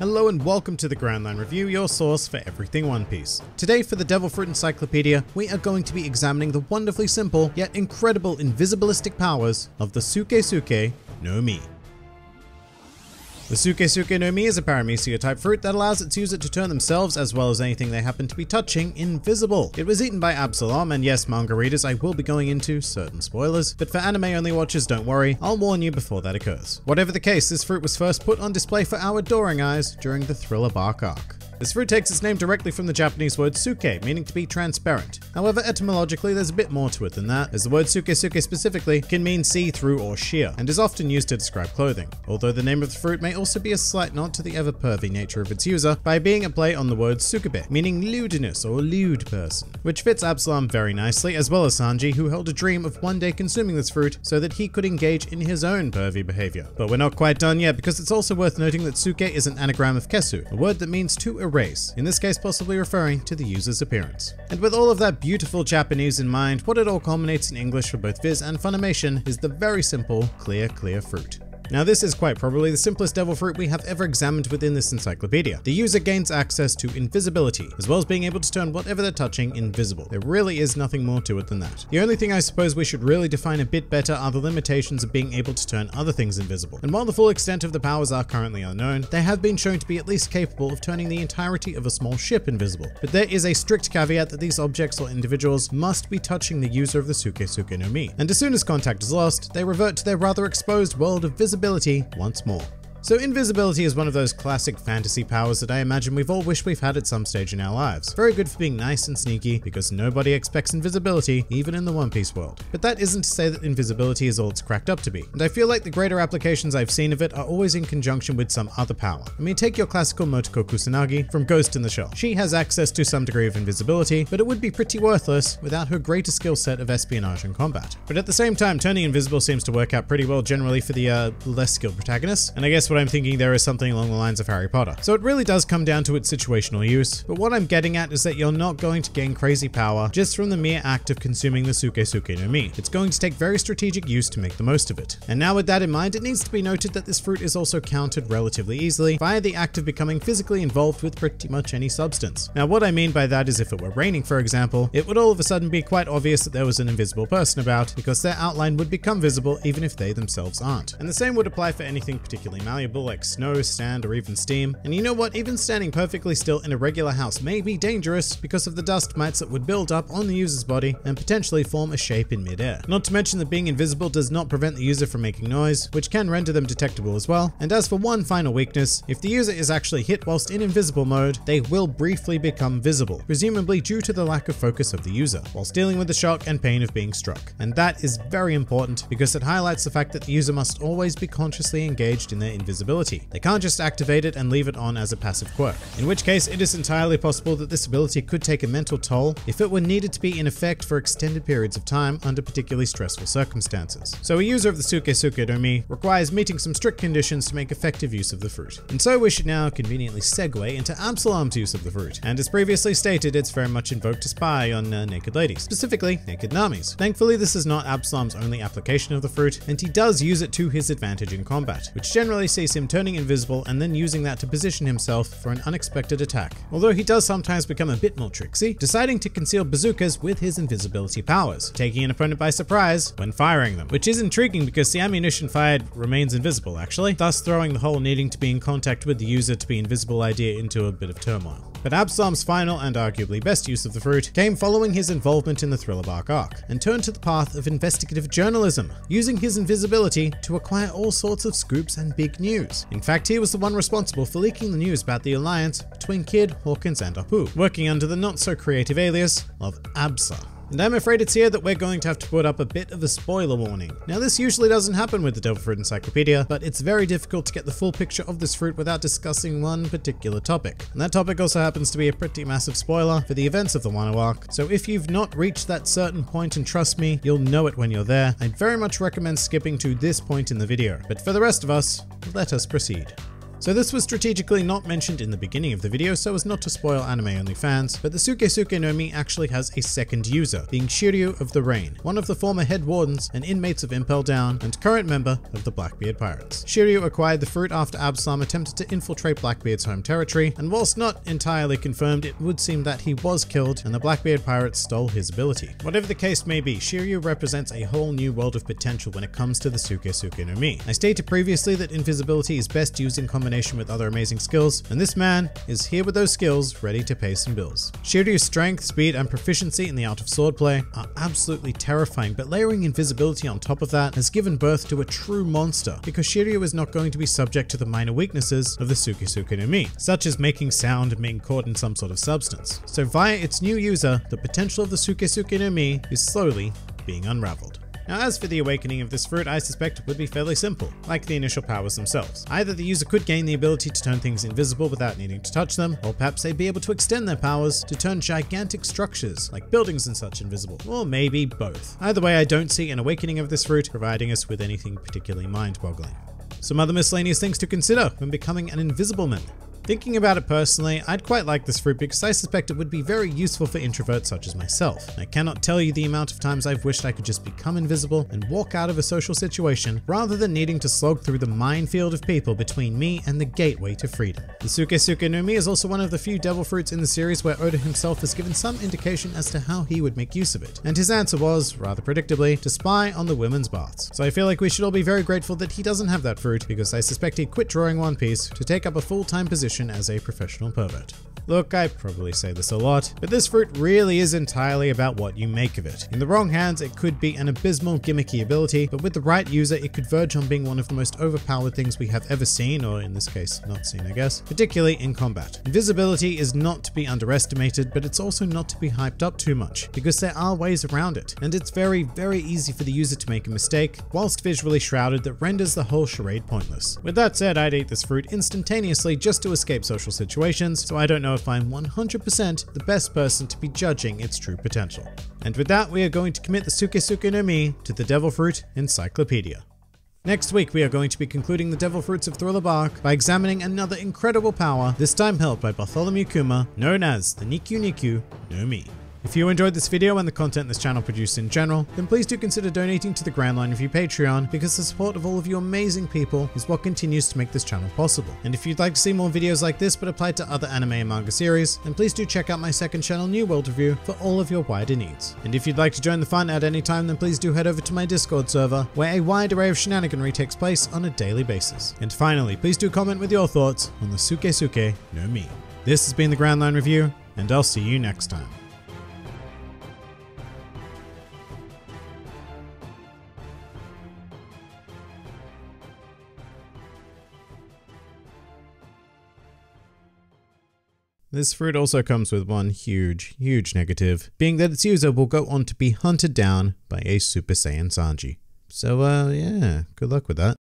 Hello and welcome to the Line Review, your source for everything One Piece. Today for the Devil Fruit Encyclopedia, we are going to be examining the wonderfully simple yet incredible invisibilistic powers of the Suke no Mi. The Sukesuke no Mi is a paramecia type fruit that allows its user to turn themselves as well as anything they happen to be touching invisible. It was eaten by Absalom and yes manga readers I will be going into certain spoilers, but for anime only watchers don't worry, I'll warn you before that occurs. Whatever the case, this fruit was first put on display for our adoring eyes during the Thriller Bark arc. This fruit takes its name directly from the Japanese word suke, meaning to be transparent. However, etymologically, there's a bit more to it than that, as the word sukesuke specifically can mean see-through or sheer, and is often used to describe clothing, although the name of the fruit may also be a slight nod to the ever-pervy nature of its user by being a play on the word sukebe, meaning lewdness or lewd person, which fits Absalom very nicely, as well as Sanji, who held a dream of one day consuming this fruit so that he could engage in his own pervy behavior. But we're not quite done yet, because it's also worth noting that suke is an anagram of kesu, a word that means to erase, race, in this case possibly referring to the user's appearance. And with all of that beautiful Japanese in mind, what it all culminates in English for both Viz and Funimation is the very simple clear clear fruit. Now this is quite probably the simplest devil fruit we have ever examined within this encyclopedia. The user gains access to invisibility, as well as being able to turn whatever they're touching invisible. There really is nothing more to it than that. The only thing I suppose we should really define a bit better are the limitations of being able to turn other things invisible. And while the full extent of the powers are currently unknown, they have been shown to be at least capable of turning the entirety of a small ship invisible. But there is a strict caveat that these objects or individuals must be touching the user of the Suke no Mi. And as soon as contact is lost, they revert to their rather exposed world of visibility visibility once more. So invisibility is one of those classic fantasy powers that I imagine we've all wished we've had at some stage in our lives. Very good for being nice and sneaky because nobody expects invisibility even in the One Piece world. But that isn't to say that invisibility is all it's cracked up to be. And I feel like the greater applications I've seen of it are always in conjunction with some other power. I mean take your classical Motoko Kusanagi from Ghost in the Shell. She has access to some degree of invisibility but it would be pretty worthless without her greater skill set of espionage and combat. But at the same time turning invisible seems to work out pretty well generally for the uh, less skilled protagonists and I guess what I'm thinking there is something along the lines of Harry Potter. So it really does come down to its situational use, but what I'm getting at is that you're not going to gain crazy power just from the mere act of consuming the suke suke no Mi. It's going to take very strategic use to make the most of it. And now with that in mind, it needs to be noted that this fruit is also countered relatively easily via the act of becoming physically involved with pretty much any substance. Now what I mean by that is if it were raining for example, it would all of a sudden be quite obvious that there was an invisible person about because their outline would become visible even if they themselves aren't. And the same would apply for anything particularly malleable like snow, sand, or even steam. And you know what, even standing perfectly still in a regular house may be dangerous because of the dust mites that would build up on the user's body and potentially form a shape in midair. Not to mention that being invisible does not prevent the user from making noise, which can render them detectable as well. And as for one final weakness, if the user is actually hit whilst in invisible mode, they will briefly become visible, presumably due to the lack of focus of the user, whilst dealing with the shock and pain of being struck. And that is very important because it highlights the fact that the user must always be consciously engaged in their invisibility they can't just activate it and leave it on as a passive quirk, in which case it is entirely possible that this ability could take a mental toll if it were needed to be in effect for extended periods of time under particularly stressful circumstances. So a user of the Suke Domi requires meeting some strict conditions to make effective use of the fruit. And so we should now conveniently segue into Absalom's use of the fruit. And as previously stated, it's very much invoked to spy on uh, naked ladies, specifically naked Namis. Thankfully, this is not Absalom's only application of the fruit, and he does use it to his advantage in combat, which generally sees sees him turning invisible and then using that to position himself for an unexpected attack, although he does sometimes become a bit more tricksy, deciding to conceal bazookas with his invisibility powers, taking an opponent by surprise when firing them, which is intriguing because the ammunition fired remains invisible actually, thus throwing the whole needing to be in contact with the user to be invisible idea into a bit of turmoil. But Absalom's final and arguably best use of the fruit came following his involvement in the Thrillerbark arc, and turned to the path of investigative journalism, using his invisibility to acquire all sorts of scoops and big news. In fact, he was the one responsible for leaking the news about the alliance between Kid, Hawkins, and Apu, working under the not so creative alias of Absa. And I'm afraid it's here that we're going to have to put up a bit of a spoiler warning. Now this usually doesn't happen with the Devil Fruit Encyclopedia, but it's very difficult to get the full picture of this fruit without discussing one particular topic. And that topic also happens to be a pretty massive spoiler for the events of the Wano arc, so if you've not reached that certain point and trust me, you'll know it when you're there, I'd very much recommend skipping to this point in the video. But for the rest of us, let us proceed. So this was strategically not mentioned in the beginning of the video so as not to spoil anime-only fans, but the Sukesuke no Mi actually has a second user, being Shiryu of the Rain, one of the former head wardens and inmates of Impel Down and current member of the Blackbeard Pirates. Shiryu acquired the fruit after Absalom attempted to infiltrate Blackbeard's home territory, and whilst not entirely confirmed, it would seem that he was killed and the Blackbeard Pirates stole his ability. Whatever the case may be, Shiryu represents a whole new world of potential when it comes to the Sukesuke no Mi. I stated previously that invisibility is best used in combination combination with other amazing skills, and this man is here with those skills ready to pay some bills. Shiryu's strength, speed, and proficiency in the art of swordplay are absolutely terrifying, but layering invisibility on top of that has given birth to a true monster because Shiryu is not going to be subject to the minor weaknesses of the Tsukisuke no Mi, such as making sound and being caught in some sort of substance. So via its new user, the potential of the Tsukisuke no Mi is slowly being unraveled. Now as for the awakening of this fruit, I suspect it would be fairly simple, like the initial powers themselves. Either the user could gain the ability to turn things invisible without needing to touch them, or perhaps they'd be able to extend their powers to turn gigantic structures, like buildings and such, invisible, or maybe both. Either way, I don't see an awakening of this fruit providing us with anything particularly mind-boggling. Some other miscellaneous things to consider when becoming an invisible man. Thinking about it personally, I'd quite like this fruit because I suspect it would be very useful for introverts such as myself. I cannot tell you the amount of times I've wished I could just become invisible and walk out of a social situation rather than needing to slog through the minefield of people between me and the gateway to freedom. The Sukesuke no Mi is also one of the few devil fruits in the series where Oda himself has given some indication as to how he would make use of it, and his answer was, rather predictably, to spy on the women's baths. So I feel like we should all be very grateful that he doesn't have that fruit because I suspect he quit drawing One Piece to take up a full-time position position as a professional poet. Look, I probably say this a lot, but this fruit really is entirely about what you make of it. In the wrong hands, it could be an abysmal gimmicky ability, but with the right user, it could verge on being one of the most overpowered things we have ever seen, or in this case, not seen, I guess, particularly in combat. Invisibility is not to be underestimated, but it's also not to be hyped up too much, because there are ways around it, and it's very, very easy for the user to make a mistake, whilst visually shrouded that renders the whole charade pointless. With that said, I'd eat this fruit instantaneously just to escape social situations, so I don't know Find if I'm 100% the best person to be judging its true potential. And with that, we are going to commit the Sukesuke no Mi to the Devil Fruit Encyclopedia. Next week, we are going to be concluding the Devil Fruits of Thriller Bark by examining another incredible power, this time held by Bartholomew Kuma, known as the Niku Niku no Mi. If you enjoyed this video and the content this channel produces in general, then please do consider donating to the Grand Line Review Patreon because the support of all of you amazing people is what continues to make this channel possible. And if you'd like to see more videos like this but applied to other anime and manga series, then please do check out my second channel New World Review for all of your wider needs. And if you'd like to join the fun at any time, then please do head over to my Discord server where a wide array of shenaniganry takes place on a daily basis. And finally, please do comment with your thoughts on the Suke Suke no Mi. This has been the Grand Line Review, and I'll see you next time. This fruit also comes with one huge, huge negative, being that its user will go on to be hunted down by a Super Saiyan Sanji. So uh, yeah, good luck with that.